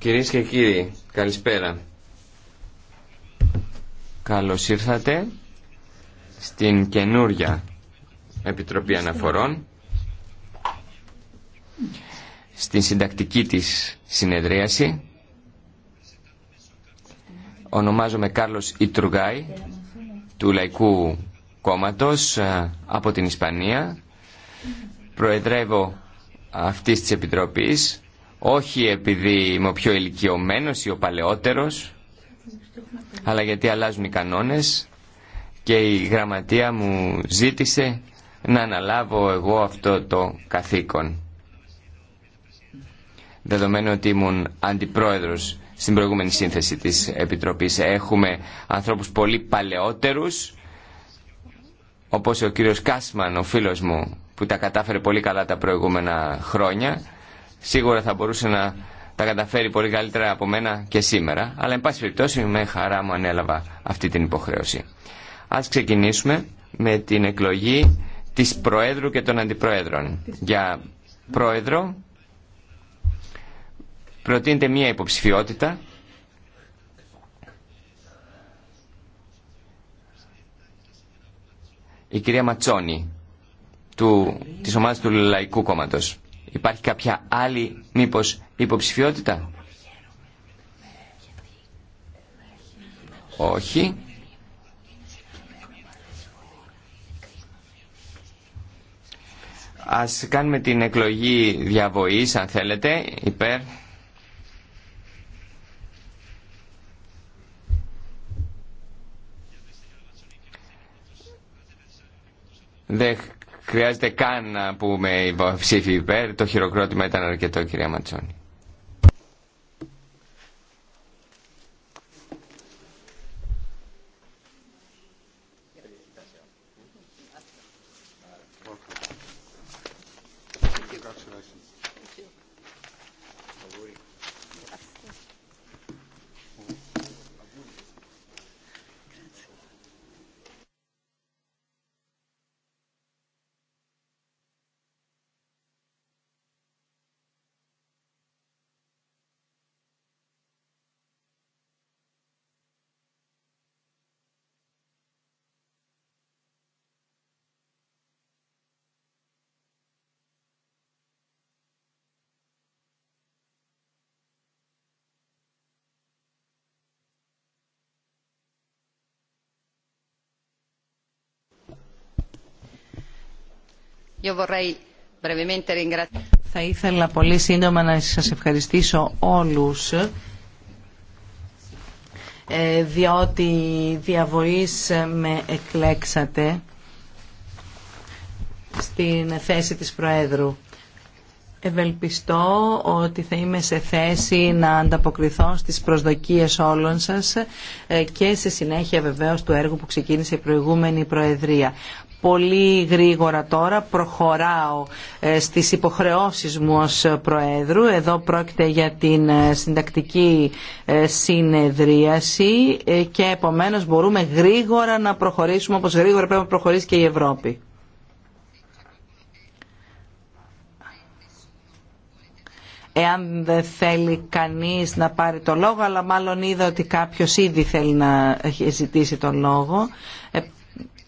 Κυρίες και κύριοι, καλησπέρα. Καλώς ήρθατε στην καινούρια Επιτροπή Αναφορών, στην συντακτική της συνεδρίαση. Ονομάζομαι Κάρλος Ιτρουγκάη, του Λαϊκού Κόμματος ε, από την Ισπανία. Προεδρεύω αυτής της Επιτροπής, όχι επειδή είμαι ο πιο ηλικιωμένος ή ο παλαιότερος, αλλά γιατί αλλάζουν οι κανόνες και η γραμματεία μου ζήτησε να αναλάβω εγώ αυτό το καθήκον. Δεδομένου ότι ήμουν αντιπρόεδρος στην προηγούμενη σύνθεση της Επιτροπής. Έχουμε ανθρώπους πολύ παλαιότερους, όπως ο κύριος Κάσμαν, ο φίλος μου, που τα κατάφερε πολύ καλά τα προηγούμενα χρόνια. Σίγουρα θα μπορούσε να τα καταφέρει πολύ καλύτερα από μένα και σήμερα, αλλά εν πάση περιπτώσει με χαρά μου ανέλαβα αυτή την υποχρέωση. Ας ξεκινήσουμε με την εκλογή της Προέδρου και των Αντιπροέδρων. Για Πρόεδρο προτείνεται μία υποψηφιότητα η κυρία Ματσόνη του, της ομάδας του Λαϊκού Κόμματος. Υπάρχει κάποια άλλη μήπως υποψηφιότητα. Όχι. Ας κάνουμε την εκλογή διαβοής αν θέλετε υπέρ Δεχ χρειάζεται καν να πούμε ψήφι υπέρ. Το χειροκρότημα ήταν αρκετό, κυρία Ματσόνη. Θα ήθελα πολύ σύντομα να σας ευχαριστήσω όλους ε, διότι διαβοής με εκλέξατε στην θέση της Προέδρου. Ευελπιστώ ότι θα είμαι σε θέση να ανταποκριθώ στις προσδοκίες όλων σας ε, και σε συνέχεια βεβαίως του έργου που ξεκίνησε η προηγούμενη Προεδρία πολύ γρήγορα τώρα προχωράω ε, στις υποχρεώσεις μου ως Προέδρου. Εδώ πρόκειται για την ε, συντακτική ε, συνεδρίαση και επομένως μπορούμε γρήγορα να προχωρήσουμε όπως γρήγορα πρέπει να προχωρήσει και η Ευρώπη. Εάν δεν θέλει κανείς να πάρει το λόγο, αλλά μάλλον είδα ότι κάποιος ήδη θέλει να ζητήσει το λόγο,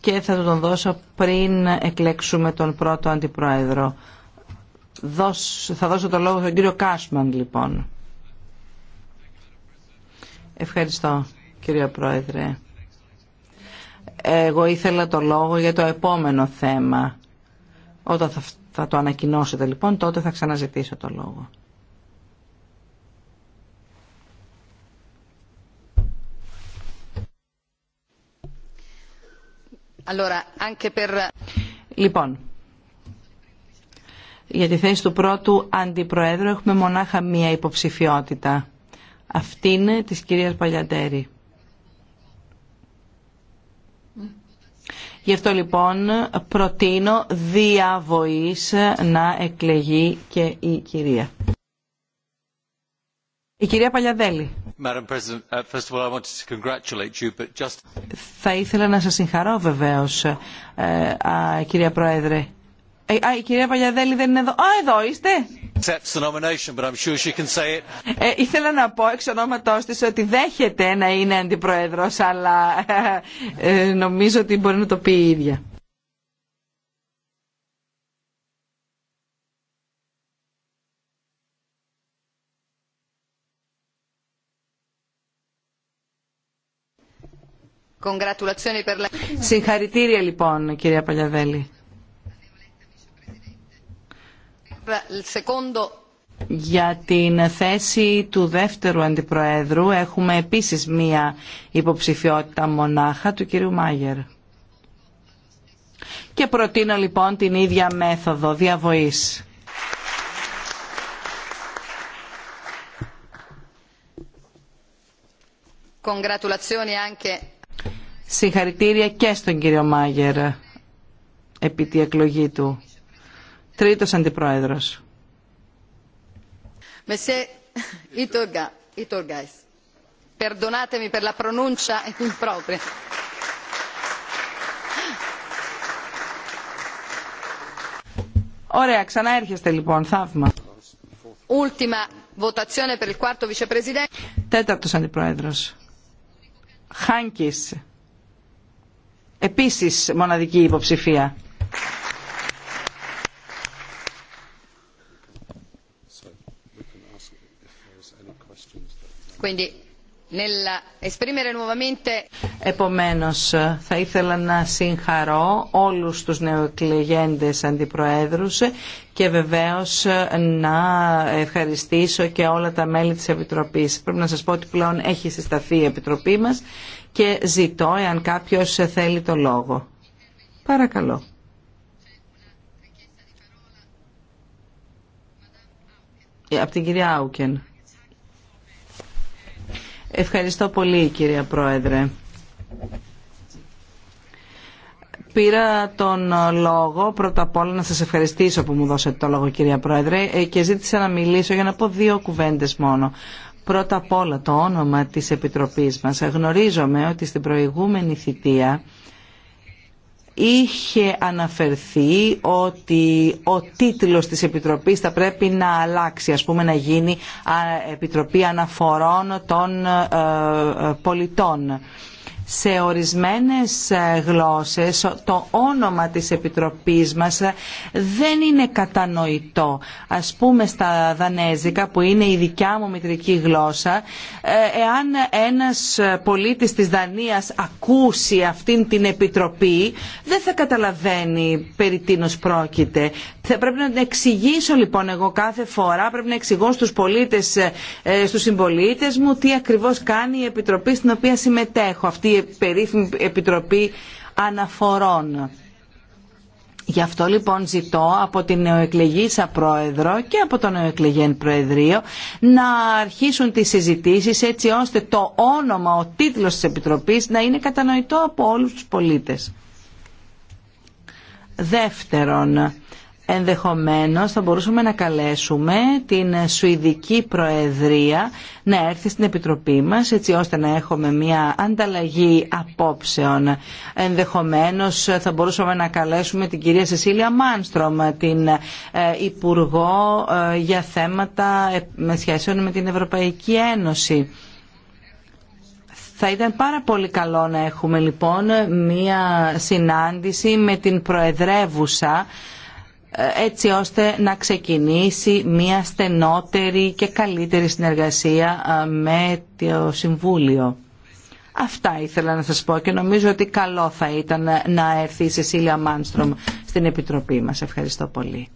και θα τον δώσω πριν εκλέξουμε τον πρώτο αντιπρόεδρο. Θα δώσω το λόγο στον κύριο Κάσμαν λοιπόν. Ευχαριστώ κύριε Πρόεδρε. Εγώ ήθελα το λόγο για το επόμενο θέμα. Όταν θα το ανακοινώσετε λοιπόν τότε θα ξαναζητήσω το λόγο. Λοιπόν, για τη θέση του πρώτου αντιπροέδρου έχουμε μονάχα μία υποψηφιότητα. Αυτή είναι της κυρίας Παλιατέρη. Γι' αυτό λοιπόν προτείνω διαβοής να εκλεγεί και η κυρία. Η κυρία Παλιαδέλη. Θα ήθελα να σας συγχαρώ βεβαίως, ε, κυρία Πρόεδρε. Ε, η κυρία Παλιαδέλη δεν είναι εδώ. Α, εδώ είστε. ήθελα να πω εξ ονόματός της ότι δέχεται να είναι αντιπρόεδρος, αλλά ε, νομίζω ότι μπορεί να το πει η ίδια. Συγχαρητήρια λοιπόν κυρία Παλιαδέλη. Για την θέση του δεύτερου αντιπροέδρου έχουμε επίσης μία υποψηφιότητα μονάχα του κυρίου Μάγερ. Και προτείνω λοιπόν την ίδια μέθοδο διαβοής. Συγχαρητήρια και στον κύριο Μάγερ επί τη εκλογή του. Τρίτος αντιπρόεδρος. la Ωραία, ξανά έρχεστε λοιπόν, θαύμα. Ultima votazione per Τέταρτος αντιπρόεδρος. Χάνκης επίσης μοναδική υποψηφία. Quindi Επομένως, θα ήθελα να συγχαρώ όλους τους νεοεκλεγέντες αντιπροέδρους και βεβαίως να ευχαριστήσω και όλα τα μέλη της Επιτροπής. Πρέπει να σας πω ότι πλέον έχει συσταθεί η Επιτροπή μας και ζητώ εάν κάποιος θέλει το λόγο. Παρακαλώ. Ε, από την κυρία Άουκεν. Ευχαριστώ πολύ κυρία Πρόεδρε. Πήρα τον λόγο πρώτα απ' όλα να σας ευχαριστήσω που μου δώσετε το λόγο κυρία Πρόεδρε ε, και ζήτησα να μιλήσω για να πω δύο κουβέντες μόνο. Πρώτα απ' όλα το όνομα της Επιτροπής μας. Γνωρίζομαι ότι στην προηγούμενη θητεία είχε αναφερθεί ότι ο τίτλος της Επιτροπής θα πρέπει να αλλάξει, ας πούμε να γίνει Επιτροπή Αναφορών των ε, ε, Πολιτών σε ορισμένες ε, γλώσσες το όνομα της Επιτροπής μας ε, δεν είναι κατανοητό. Ας πούμε στα Δανέζικα που είναι η δικιά μου μητρική γλώσσα, ε, εάν ένας πολίτης της Δανίας ακούσει αυτήν την Επιτροπή δεν θα καταλαβαίνει περί τίνος πρόκειται. Θα πρέπει να την εξηγήσω λοιπόν εγώ κάθε φορά, πρέπει να εξηγώ στους πολίτες, στους συμπολίτες μου τι ακριβώς κάνει η Επιτροπή στην οποία συμμετέχω. Αυτή και περίφημη Επιτροπή Αναφορών. Γι' αυτό λοιπόν ζητώ από την νεοεκλεγήσα πρόεδρο και από τον νεοεκλεγέν προεδρείο να αρχίσουν τις συζητήσεις έτσι ώστε το όνομα, ο τίτλος της Επιτροπής να είναι κατανοητό από όλους τους πολίτες. Δεύτερον, Ενδεχομένως θα μπορούσαμε να καλέσουμε την Σουηδική Προεδρία να έρθει στην Επιτροπή μας έτσι ώστε να έχουμε μια ανταλλαγή απόψεων. Ενδεχομένως θα μπορούσαμε να καλέσουμε την κυρία Σεσίλια Μάνστρομ, την ε, Υπουργό ε, για θέματα ε, με σχέσεων με την Ευρωπαϊκή Ένωση. Θα ήταν πάρα πολύ καλό να έχουμε λοιπόν μία συνάντηση με την Προεδρεύουσα έτσι ώστε να ξεκινήσει μια στενότερη και καλύτερη συνεργασία ε, με το Συμβούλιο. Αυτά ήθελα να σας πω και νομίζω ότι καλό θα ήταν να έρθει η Σεσίλια Μάνστρομ στην Επιτροπή μας. Ευχαριστώ πολύ.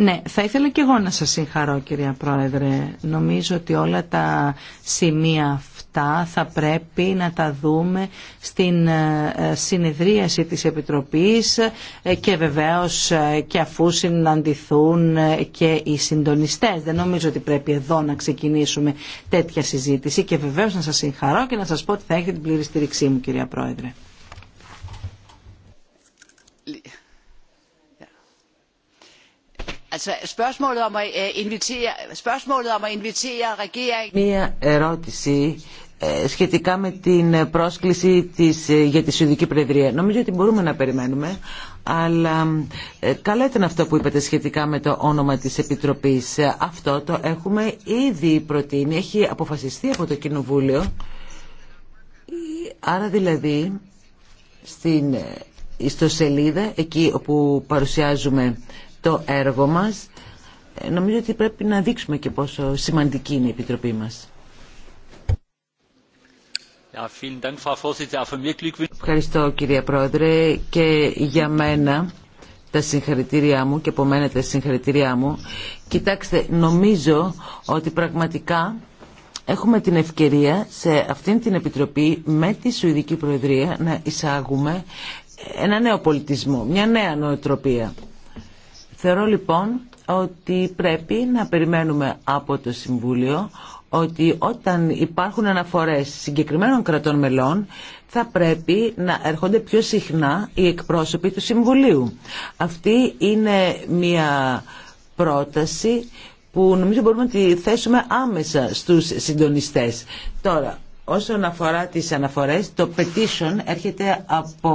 Ναι, θα ήθελα και εγώ να σας συγχαρώ κυρία Πρόεδρε. Νομίζω ότι όλα τα σημεία αυτά θα πρέπει να τα δούμε στην ε, συνεδρίαση της Επιτροπής ε, και βεβαίως ε, και αφού συναντηθούν και οι συντονιστές. Δεν νομίζω ότι πρέπει εδώ να ξεκινήσουμε τέτοια συζήτηση και βεβαίως να σας συγχαρώ και να σας πω ότι θα έχετε την πλήρη στήριξή μου κυρία Πρόεδρε. Øh, Μία ερώτηση ε, σχετικά με την ε, πρόσκληση ε, για τη Σουηδική Προεδρία. Νομίζω ότι μπορούμε να περιμένουμε, αλλά καλά ήταν αυτό που είπατε σχετικά με το όνομα της Επιτροπής. Αυτό το έχουμε ήδη προτείνει, έχει αποφασιστεί από το Κοινοβούλιο. Άρα δηλαδή στην ιστοσελίδα, εκεί όπου παρουσιάζουμε το έργο μας. Ε, νομίζω ότι πρέπει να δείξουμε και πόσο σημαντική είναι η Επιτροπή μας. Ευχαριστώ κυρία Πρόεδρε και για μένα τα συγχαρητήριά μου και από μένα τα συγχαρητήριά μου. Κοιτάξτε, νομίζω ότι πραγματικά έχουμε την ευκαιρία σε αυτήν την Επιτροπή με τη Σουηδική Προεδρία να εισάγουμε ένα νέο πολιτισμό, μια νέα νοοτροπία. Θεωρώ λοιπόν ότι πρέπει να περιμένουμε από το Συμβούλιο ότι όταν υπάρχουν αναφορές συγκεκριμένων κρατών μελών θα πρέπει να έρχονται πιο συχνά οι εκπρόσωποι του Συμβουλίου. Αυτή είναι μια πρόταση που νομίζω μπορούμε να τη θέσουμε άμεσα στους συντονιστές. Τώρα, όσον αφορά τις αναφορές, το petition έρχεται από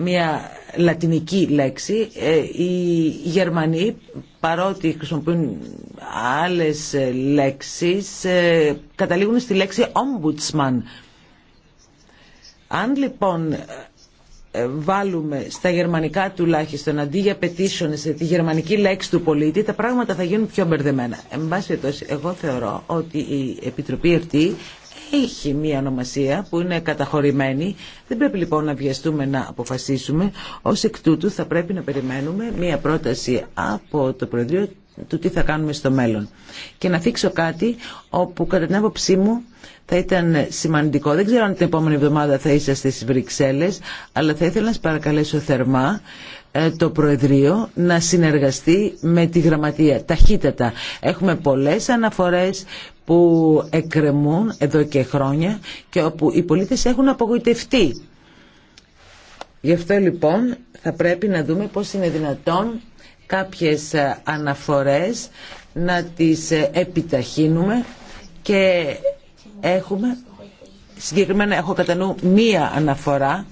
μια λατινική λέξη. Ε, οι Γερμανοί παρότι χρησιμοποιούν άλλες ε, λέξεις ε, καταλήγουν στη λέξη ombudsman. Αν λοιπόν βάλουμε στα γερμανικά τουλάχιστον αντί για petition σε τη γερμανική λέξη του πολίτη τα πράγματα θα γίνουν πιο μπερδεμένα. Εν πάση εγώ θεωρώ ότι η Επιτροπή αυτή έχει μία ονομασία που είναι καταχωρημένη. Δεν πρέπει λοιπόν να βιαστούμε να αποφασίσουμε. ω εκ τούτου θα πρέπει να περιμένουμε μία πρόταση από το Προεδρείο του τι θα κάνουμε στο μέλλον. Και να θίξω κάτι όπου κατά την άποψή μου θα ήταν σημαντικό. Δεν ξέρω αν την επόμενη εβδομάδα θα είσαστε στις Βρυξέλλες, αλλά θα ήθελα να σας παρακαλέσω θερμά ε, το Προεδρείο να συνεργαστεί με τη Γραμματεία ταχύτατα. Έχουμε πολλές αναφορές που εκκρεμούν εδώ και χρόνια και όπου οι πολίτες έχουν απογοητευτεί. Γι' αυτό λοιπόν θα πρέπει να δούμε πώς είναι δυνατόν κάποιες ε, αναφορές να τις ε, επιταχύνουμε και έχουμε συγκεκριμένα έχω κατά νου μία αναφορά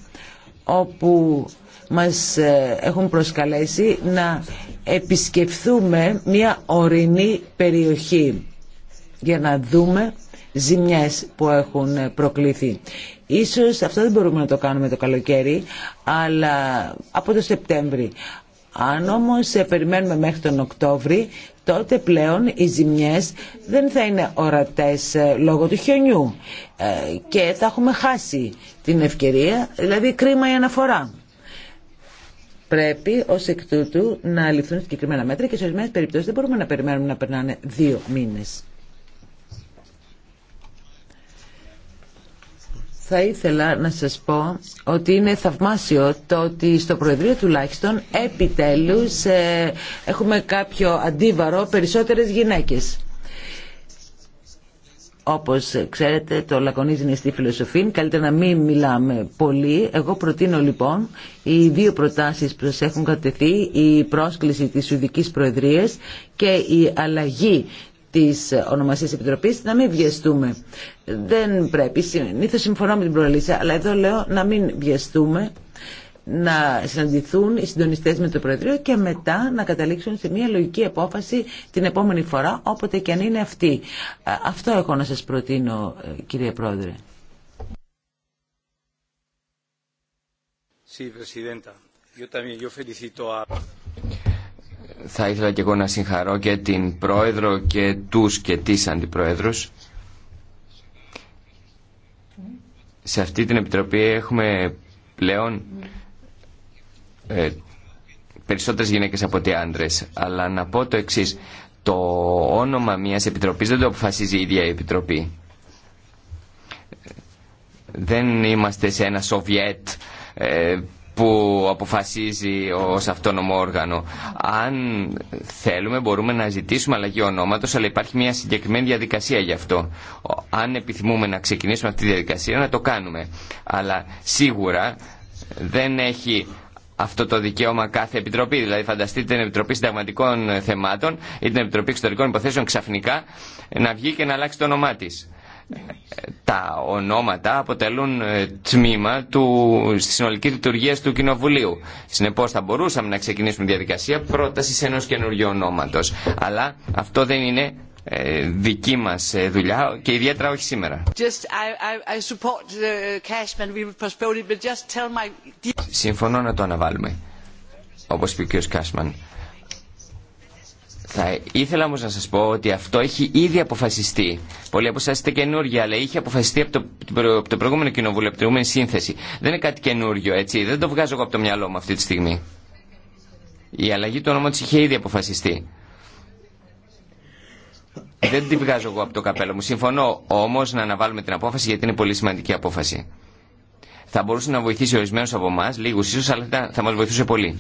όπου μας ε, έχουν προσκαλέσει να επισκεφθούμε μία ορεινή περιοχή για να δούμε ζημιές που έχουν προκληθεί. Ίσως αυτό δεν μπορούμε να το κάνουμε το καλοκαίρι, αλλά από το Σεπτέμβρη. Αν όμως ε, περιμένουμε μέχρι τον Οκτώβρη, τότε πλέον οι ζημιές δεν θα είναι ορατές ε, λόγω του χιονιού ε, και θα έχουμε χάσει την ευκαιρία, δηλαδή κρίμα η αναφορά. Πρέπει ως εκ τούτου να ληφθούν συγκεκριμένα μέτρα και σε ορισμένες περιπτώσεις δεν μπορούμε να περιμένουμε να περνάνε δύο μήνες. Θα ήθελα να σας πω ότι είναι θαυμάσιο το ότι στο Προεδρείο τουλάχιστον επιτέλους ε, έχουμε κάποιο αντίβαρο περισσότερες γυναίκες. Όπως ξέρετε το λακωνίζει είναι στη φιλοσοφία, καλύτερα να μην μιλάμε πολύ. Εγώ προτείνω λοιπόν οι δύο προτάσεις που σας έχουν κατεθεί, η πρόσκληση της Σουδικής Προεδρίας και η αλλαγή της ονομασίας επιτροπής να μην βιαστούμε. Δεν πρέπει, συνήθως συμφωνώ με την προελίσσα, αλλά εδώ λέω να μην βιαστούμε να συναντηθούν οι συντονιστέ με το Προεδρείο και μετά να καταλήξουν σε μια λογική απόφαση την επόμενη φορά, όποτε και αν είναι αυτή. Ε, αυτό έχω να σα προτείνω, ε, κύριε Πρόεδρε. Sí, θα ήθελα και εγώ να συγχαρώ και την Πρόεδρο και τους και τις Αντιπρόεδρους. Σε αυτή την Επιτροπή έχουμε πλέον ε, περισσότερες γυναίκες από ότι άντρες. Αλλά να πω το εξής, το όνομα μιας Επιτροπής δεν το αποφασίζει η ίδια η Επιτροπή. Δεν είμαστε σε ένα Σοβιέτ ε, που αποφασίζει ω αυτόνομο όργανο. Αν θέλουμε μπορούμε να ζητήσουμε αλλαγή ονόματος, αλλά υπάρχει μια συγκεκριμένη διαδικασία γι' αυτό. Αν επιθυμούμε να ξεκινήσουμε αυτή τη διαδικασία, να το κάνουμε. Αλλά σίγουρα δεν έχει αυτό το δικαίωμα κάθε επιτροπή. Δηλαδή, φανταστείτε την Επιτροπή Συνταγματικών Θεμάτων ή την Επιτροπή Εξωτερικών Υποθέσεων ξαφνικά να βγει και να αλλάξει το όνομά τη τα ονόματα αποτελούν ε, τμήμα του, στη συνολική λειτουργία του Κοινοβουλίου. Συνεπώ, θα μπορούσαμε να ξεκινήσουμε διαδικασία πρόταση ενό καινούριου ονόματο. Αλλά αυτό δεν είναι ε, δική μας ε, δουλειά και ιδιαίτερα όχι σήμερα. Συμφωνώ να το αναβάλουμε, όπω είπε ο κ. Κάσμαν. Θα ήθελα όμω να σα πω ότι αυτό έχει ήδη αποφασιστεί. Πολλοί από εσά είστε καινούργοι, αλλά είχε αποφασιστεί από το, το προηγούμενο κοινοβούλιο, από την προηγούμενη σύνθεση. Δεν είναι κάτι καινούργιο, έτσι. Δεν το βγάζω εγώ από το μυαλό μου αυτή τη στιγμή. Η αλλαγή του όνομα τη είχε ήδη αποφασιστεί. Δεν τη βγάζω εγώ από το καπέλο μου. Συμφωνώ όμω να αναβάλουμε την απόφαση γιατί είναι πολύ σημαντική απόφαση. Θα μπορούσε να βοηθήσει ορισμένου από εμά, λίγου ίσω, αλλά θα μα βοηθούσε πολύ.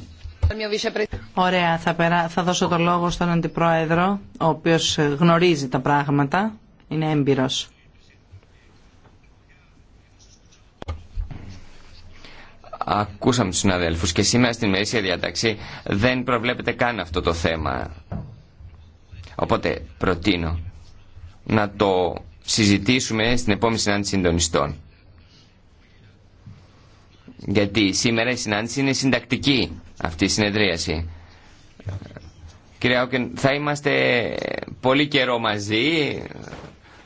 Ωραία, θα, περά... θα δώσω το λόγο στον Αντιπρόεδρο, ο οποίος γνωρίζει τα πράγματα, είναι έμπειρος. Ακούσαμε τους συναδέλφους και σήμερα στην μερίσια διαταξή δεν προβλέπεται καν αυτό το θέμα. Οπότε προτείνω να το συζητήσουμε στην επόμενη συνάντηση συντονιστών. Γιατί σήμερα η συνάντηση είναι συντακτική αυτή η συνεδρίαση. Κυρία Άουκεν, θα είμαστε πολύ καιρό μαζί,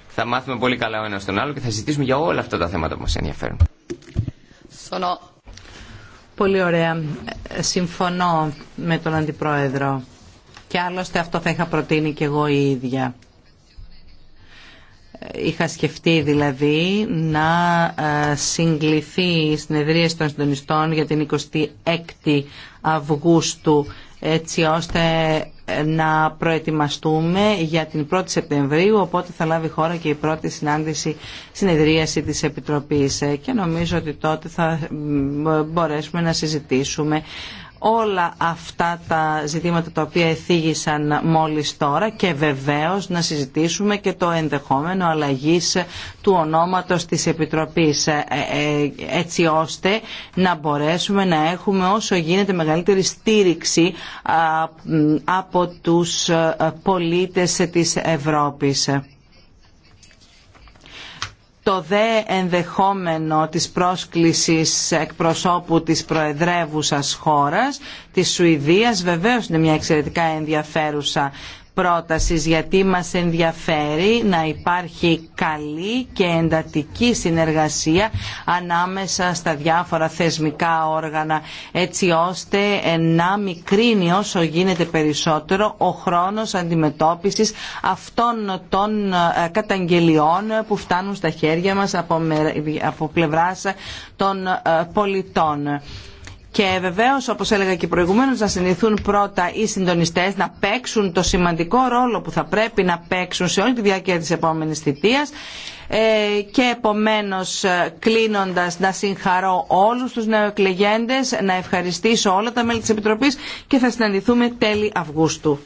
θα μάθουμε πολύ καλά ο ένας τον άλλο και θα συζητήσουμε για όλα αυτά τα θέματα που μας ενδιαφέρουν. Πολύ ωραία. Ε, συμφωνώ με τον Αντιπρόεδρο. Και άλλωστε αυτό θα είχα προτείνει και εγώ η ίδια. Είχα σκεφτεί δηλαδή να ε, συγκληθεί η συνεδρία των συντονιστών για την 26η Αυγούστου έτσι ώστε ε, να προετοιμαστούμε για την 1η Σεπτεμβρίου οπότε θα λάβει χώρα και η πρώτη συνάντηση συνεδρίαση της Επιτροπής ε, και νομίζω ότι τότε θα μπορέσουμε να συζητήσουμε όλα αυτά τα ζητήματα τα οποία εθίγησαν μόλις τώρα και βεβαίως να συζητήσουμε και το ενδεχόμενο αλλαγής του ονόματος της Επιτροπής ε, ε, έτσι ώστε να μπορέσουμε να έχουμε όσο γίνεται μεγαλύτερη στήριξη από τους ε, πολίτες της Ευρώπης το δε ενδεχόμενο της πρόσκλησης εκπροσώπου της προεδρεύουσας χώρας, της Σουηδίας, βεβαίως είναι μια εξαιρετικά ενδιαφέρουσα πρότασης γιατί μας ενδιαφέρει να υπάρχει καλή και εντατική συνεργασία ανάμεσα στα διάφορα θεσμικά όργανα έτσι ώστε να μικρύνει όσο γίνεται περισσότερο ο χρόνος αντιμετώπισης αυτών των ε, καταγγελιών που φτάνουν στα χέρια μας από πλευράς των ε, πολιτών. Και βεβαίω, όπω έλεγα και προηγουμένω, να συνηθούν πρώτα οι συντονιστέ να παίξουν το σημαντικό ρόλο που θα πρέπει να παίξουν σε όλη τη διάρκεια τη επόμενη θητεία ε, και επομένω ε, κλείνοντας να συγχαρώ όλους τους νεοεκλεγέντε, να ευχαριστήσω όλα τα μέλη τη Επιτροπής και θα συναντηθούμε τέλη Αυγούστου.